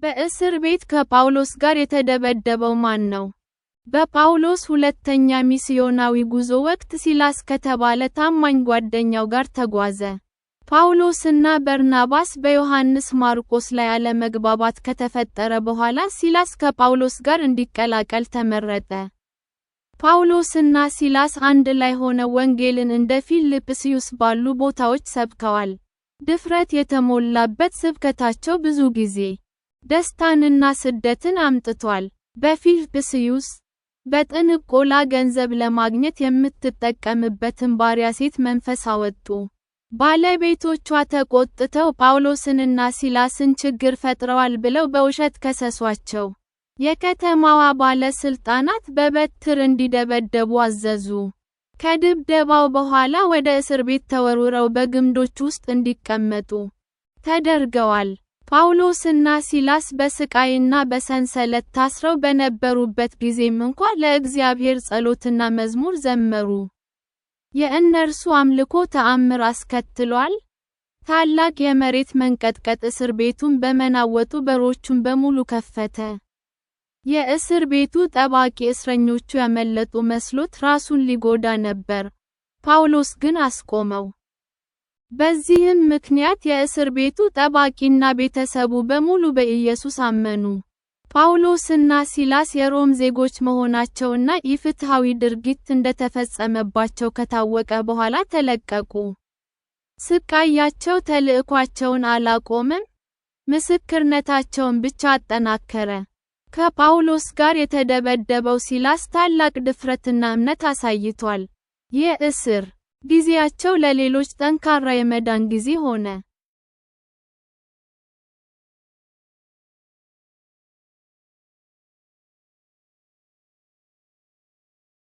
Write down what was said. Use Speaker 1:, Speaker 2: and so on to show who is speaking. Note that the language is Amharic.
Speaker 1: በእስር ቤት ከጳውሎስ ጋር የተደበደበው ማን ነው? በጳውሎስ ሁለተኛ ሚስዮናዊ ጉዞ ወቅት ሲላስ ከተባለ ታማኝ ጓደኛው ጋር ተጓዘ። ጳውሎስና በርናባስ በዮሐንስ ማርቆስ ላይ አለመግባባት ከተፈጠረ በኋላ ሲላስ ከጳውሎስ ጋር እንዲቀላቀል ተመረጠ። ጳውሎስና ሲላስ አንድ ላይ ሆነው ወንጌልን እንደ ፊልጵስዩስ ባሉ ቦታዎች ሰብከዋል። ድፍረት የተሞላበት ስብከታቸው ብዙ ጊዜ ደስታንና ስደትን አምጥቷል። በፊልጵስዩስ በጥንቆላ ገንዘብ ለማግኘት የምትጠቀምበትን ባሪያ ሴት መንፈስ አወጡ። ባለቤቶቿ ተቆጥተው ጳውሎስንና ሲላስን ችግር ፈጥረዋል ብለው በውሸት ከሰሷቸው። የከተማዋ ባለስልጣናት በበትር እንዲደበደቡ አዘዙ። ከድብደባው በኋላ ወደ እስር ቤት ተወርውረው በግምዶች ውስጥ እንዲቀመጡ ተደርገዋል። ጳውሎስና ሲላስ በስቃይና በሰንሰለት ታስረው በነበሩበት ጊዜም እንኳ ለእግዚአብሔር ጸሎትና መዝሙር ዘመሩ። የእነርሱ አምልኮ ተአምር አስከትሏል። ታላቅ የመሬት መንቀጥቀጥ እስር ቤቱን በመናወጡ በሮቹን በሙሉ ከፈተ። የእስር ቤቱ ጠባቂ እስረኞቹ ያመለጡ መስሎት ራሱን ሊጎዳ ነበር። ጳውሎስ ግን አስቆመው። በዚህም ምክንያት የእስር ቤቱ ጠባቂና ቤተሰቡ በሙሉ በኢየሱስ አመኑ። ጳውሎስና ሲላስ የሮም ዜጎች መሆናቸውና ኢፍትሐዊ ድርጊት እንደተፈጸመባቸው ከታወቀ በኋላ ተለቀቁ። ስቃያቸው ተልዕኳቸውን አላቆምም፣ ምስክርነታቸውን ብቻ አጠናከረ። ከጳውሎስ ጋር የተደበደበው ሲላስ ታላቅ ድፍረትና እምነት አሳይቷል። የእስር ጊዜያቸው ለሌሎች ጠንካራ የመዳን ጊዜ ሆነ።